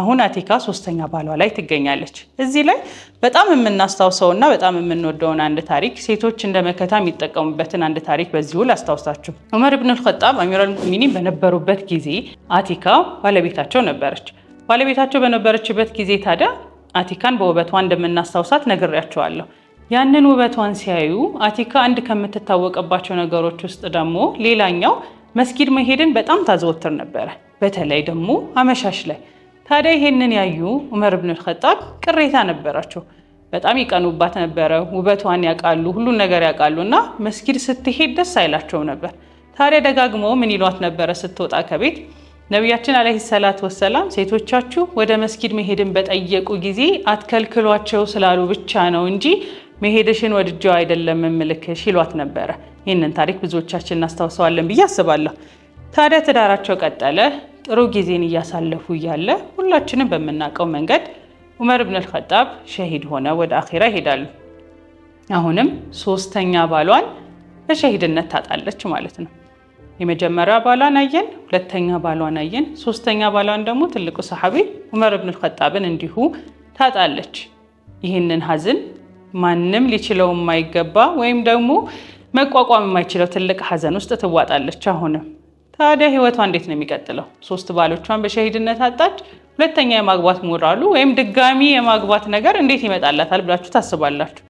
አሁን አቲካ ሶስተኛ ባሏ ላይ ትገኛለች። እዚህ ላይ በጣም እና በጣም የምንወደውን አንድ ታሪክ ሴቶች እንደ መከታ የሚጠቀሙበትን አንድ ታሪክ በዚሁ ላስታውሳችሁ። ዑመር ብንል ኸጣብ አሚራል ሙእሚኒን በነበሩበት ጊዜ አቲካ ባለቤታቸው ነበረች። ባለቤታቸው በነበረችበት ጊዜ ታዲያ አቲካን በውበቷ እንደምናስታውሳት ነግሬያቸዋለሁ። ያንን ውበቷን ሲያዩ አቲካ አንድ ከምትታወቅባቸው ነገሮች ውስጥ ደግሞ ሌላኛው መስጊድ መሄድን በጣም ታዘወትር ነበረ። በተለይ ደግሞ አመሻሽ ላይ ታዲያ ይሄንን ያዩ ዑመር ብን ኸጣብ ቅሬታ ነበራቸው። በጣም ይቀኑባት ነበረ። ውበቷን ያውቃሉ፣ ሁሉን ነገር ያውቃሉ እና መስጊድ ስትሄድ ደስ አይላቸው ነበር። ታዲያ ደጋግሞ ምን ይሏት ነበረ ስትወጣ ከቤት ነቢያችን ዓለይሂ ሰላት ወሰላም ሴቶቻችሁ ወደ መስጊድ መሄድን በጠየቁ ጊዜ አትከልክሏቸው ስላሉ ብቻ ነው እንጂ መሄድሽን ወድጃው አይደለም ምልክሽ ይሏት ነበረ። ይህንን ታሪክ ብዙዎቻችን እናስታውሰዋለን ብዬ አስባለሁ። ታዲያ ትዳራቸው ቀጠለ። ጥሩ ጊዜን እያሳለፉ እያለ ሁላችንም በምናውቀው መንገድ ዑመር ብን አልኸጣብ ሸሂድ ሆነ ወደ አኼራ ይሄዳሉ። አሁንም ሶስተኛ ባሏን በሸሂድነት ታጣለች ማለት ነው። የመጀመሪያ ባሏን አየን፣ ሁለተኛ ባሏን አየን፣ ሶስተኛ ባሏን ደግሞ ትልቁ ሰሓቢ ዑመር ብን አልኸጣብን እንዲሁ ታጣለች። ይህንን ሀዝን ማንም ሊችለው የማይገባ ወይም ደግሞ መቋቋም የማይችለው ትልቅ ሀዘን ውስጥ ትዋጣለች አሁንም ታዲያ ህይወቷ እንዴት ነው የሚቀጥለው? ሶስት ባሎቿን በሸሂድነት አጣች። ሁለተኛ የማግባት ሞራሉ ወይም ድጋሚ የማግባት ነገር እንዴት ይመጣላታል ብላችሁ ታስባላችሁ?